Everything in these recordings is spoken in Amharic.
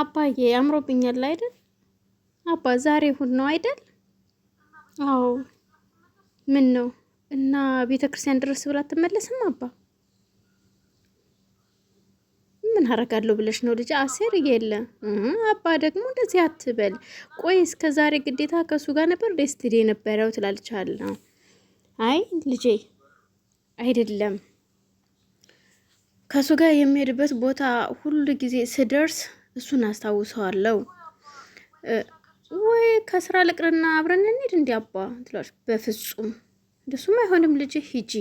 አባዬ አምሮብኛል አይደል? አባ ዛሬ እሑድ ነው አይደል? አዎ። ምን ነው እና ቤተ ክርስቲያን ድረስ ብላ አትመለስም? አባ ምን አረጋለሁ ብለሽ ነው ልጅ? አሴር የለ አባ ደግሞ እንደዚህ አትበል። ቆይ እስከ ዛሬ ግዴታ ከእሱ ጋር ነበር ደስትዴ ነበረው ትላልቻል ነው። አይ ልጄ አይደለም ከእሱ ጋር የሚሄድበት ቦታ ሁሉ ጊዜ ስደርስ እሱን አስታውሰዋለሁ። ወይ ከስራ ልቅርና አብረን እንሂድ እንዲ አባ ትላለች። በፍጹም እንደሱም አይሆንም ልጄ፣ ሂጂ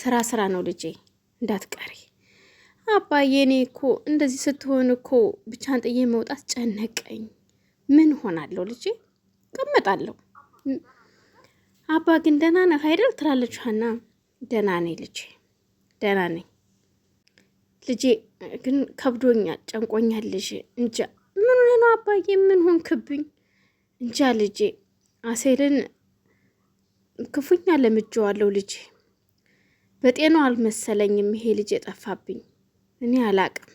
ስራ ስራ ነው ልጄ፣ እንዳትቀሪ አባ። የኔ እኮ እንደዚህ ስትሆን እኮ ብቻን ጥዬ መውጣት ጨነቀኝ። ምን ሆናለሁ ልጄ፣ ቀመጣለሁ አባ ግን ደህና ነህ አይደል? ትላለች ሀና። ደህና ነኝ ልጄ፣ ደህና ነኝ ልጄ ግን ከብዶኛል፣ ጨንቆኛል። ልጄ እንጃ ምን ሆነ ነው አባዬ? ምን ሆንክብኝ? እንጃ ልጄ አሴልን ክፉኛ ለምጄዋለሁ። ልጄ በጤናው አልመሰለኝም ይሄ ልጄ ጠፋብኝ። እኔ አላቅም፣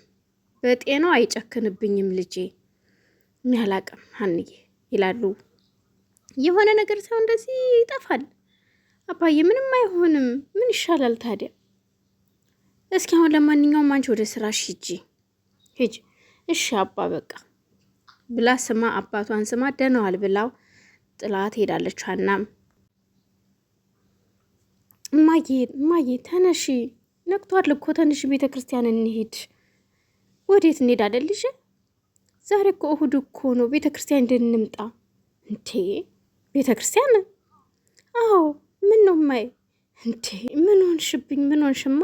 በጤናው አይጨክንብኝም ልጄ። እኔ አላቅም ሀንዬ ይላሉ። የሆነ ነገር ሰው እንደዚህ ይጠፋል አባዬ፣ ምንም አይሆንም። ምን ይሻላል ታዲያ? እስኪ አሁን ለማንኛውም አንቺ ወደ ስራሽ ሂጂ ሂጂ። እሺ አባ በቃ ብላ ስማ አባቷን ስማ ደነዋል ብላው ጥላት ሄዳለች። ሀናም እማዬ እማዬ ተነሺ፣ ነቅቷል እኮ ተነሺ፣ ቤተ ክርስቲያን እንሄድ። ወዴት እንሄድ አደልሽ? ዛሬ እኮ እሁድ እኮ ነው። ቤተ ክርስቲያን እንድንምጣ እንዴ? ቤተ ክርስቲያን? አዎ። ምን ነው ማይ? እንዴ ምን ሆንሽብኝ? ምን ሆንሽማ?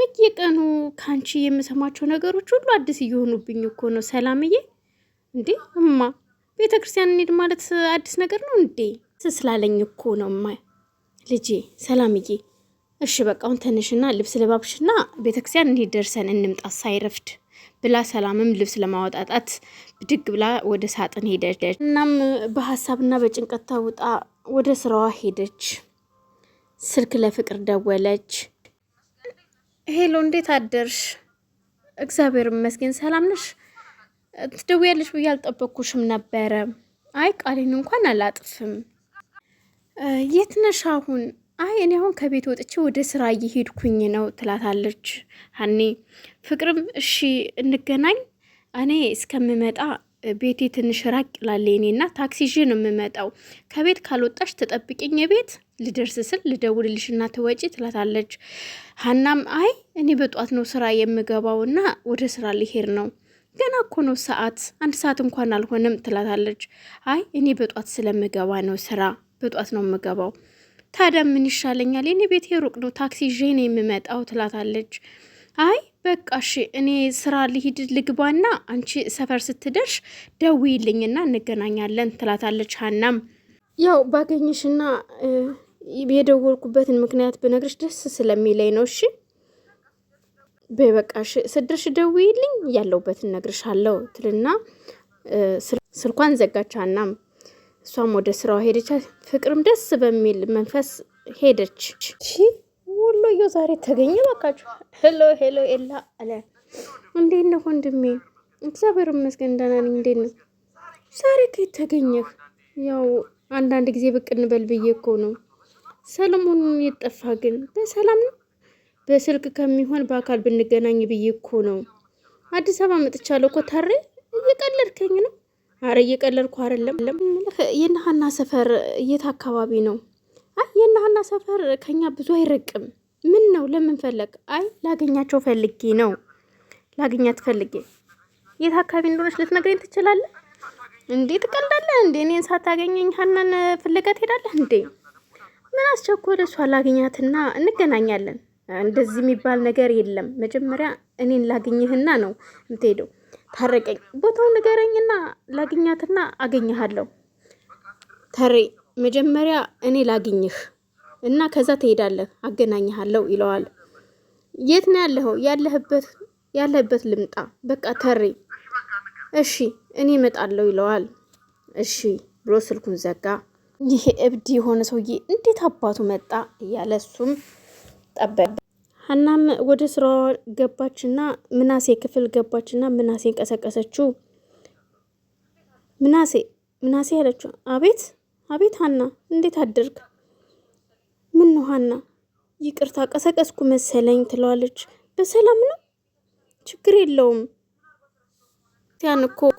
በየቀኑ ከአንቺ የምሰማቸው ነገሮች ሁሉ አዲስ እየሆኑብኝ እኮ ነው ሰላምዬ። እንዴ እማ ቤተ ክርስቲያን እንሂድ ማለት አዲስ ነገር ነው እንዴ? ስስላለኝ እኮ ነው እማ። ልጄ ሰላምዬ፣ እሺ በቃ አሁን ተነሽና ልብስ ልባብሽና ቤተ ክርስቲያን እንሂድ ደርሰን እንምጣ ሳይረፍድ ብላ ሰላምም ልብስ ለማወጣጣት ብድግ ብላ ወደ ሳጥን ሄደች። እናም በሀሳብና በጭንቀት ተውጣ ወደ ስራዋ ሄደች። ስልክ ለፍቅር ደወለች። ሄሎ እንዴት አደርሽ? እግዚአብሔር ይመስገን ሰላም ነሽ? ትደውያለሽ ብዬ አልጠበኩሽም ነበረ። አይ ቃሌን እንኳን አላጥፍም። የት ነሽ አሁን? አይ እኔ አሁን ከቤት ወጥቼ ወደ ስራ እየሄድኩኝ ነው ትላታለች ሀኔ። ፍቅርም እሺ እንገናኝ፣ እኔ እስከምመጣ ቤቴ ትንሽ ራቅ ላለ እኔና ታክሲ ይዤ ነው የምመጣው። ከቤት ካልወጣሽ ተጠብቂኝ ቤት ልደርስ ስል ልሽና ትወጪ ትላታለች። ሀናም አይ እኔ በጧት ነው ስራ የምገባው ና ወደ ስራ ሊሄድ ነው ገና እኮ ነው ሰዓት አንድ ሰዓት እንኳን አልሆነም ትላታለች። አይ እኔ በጧት ስለምገባ ነው ስራ በጧት ነው የምገባው። ታዲያ ምን ይሻለኛል? እኔ ቤት ሩቅ ነው ታክሲ ይዤ ነው የምመጣው ትላታለች። አይ በቃ እሺ እኔ ስራ ልሂድ ልግባና አንቺ ሰፈር ስትደርሽ ደውይልኝና እንገናኛለን ትላታለች። ሀናም ያው ባገኝሽና የደወልኩበትን ምክንያት ብነግርሽ ደስ ስለሚለኝ ነው። እሺ በበቃሽ ስድርሽ ደውዪልኝ ያለውበትን ነግርሻለሁ ትልና ስልኳን ዘጋች። እሷም ወደ ስራዋ ሄደች። ፍቅርም ደስ በሚል መንፈስ ሄደች። ወሎዮ ዛሬ ተገኘ። በቃችሁ። ሄሎ ሄሎ ኤላ አለ። እንዴት ነህ ወንድሜ? እግዚአብሔር ይመስገን ደህና ነኝ። እንዴት ነው ዛሬ ከየት ተገኘህ? ያው አንዳንድ ጊዜ ብቅ እንበል ብዬ እኮ ነው ሰለሞን የጠፋ ግን በሰላም ነው? በስልክ ከሚሆን በአካል ብንገናኝ ብዬ እኮ ነው። አዲስ አበባ መጥቻለሁ እኮ ታሬ፣ እየቀለድከኝ ነው? አረ እየቀለድኩ አይደለም። የናሀና ሰፈር የት አካባቢ ነው? አይ የናሀና ሰፈር ከኛ ብዙ አይረቅም። ምን ነው ለምን ፈለግ? አይ ላገኛቸው ፈልጌ ነው። ላገኛት ፈልጌ። የት አካባቢ እንደሆነች ልትነግረኝ ትችላለህ? እንዴት ትቀልዳለህ እንዴ? እኔን ሳታገኘኝ ሀናን ፍለጋ ትሄዳለህ እንዴ? ምን አስቸኮለ? እሷ ላግኛትና እንገናኛለን። እንደዚህ የሚባል ነገር የለም። መጀመሪያ እኔን ላግኝህና ነው የምትሄደው። ታረቀኝ፣ ቦታው ንገረኝና ላግኛትና አገኘሃለሁ። ተሬ መጀመሪያ እኔ ላግኝህ እና ከዛ ትሄዳለህ፣ አገናኝሃለሁ ይለዋል። የት ነው ያለኸው? ያለህበት ያለህበት ልምጣ። በቃ ተሬ እሺ፣ እኔ እመጣለሁ ይለዋል። እሺ ብሎ ስልኩን ዘጋ። ይሄ እብድ የሆነ ሰውዬ እንዴት አባቱ መጣ እያለ እሱም ጠበበ ሀናም ወደ ስራዋ ገባችና ምናሴ ክፍል ገባችና ምናሴን ቀሰቀሰችው። ምናሴ ምናሴ ያለችው፣ አቤት አቤት፣ ሀና እንዴት አደርግ? ምን ነው ሀና? ይቅርታ ቀሰቀስኩ መሰለኝ ትለዋለች። በሰላም ነው ችግር የለውም ያን እኮ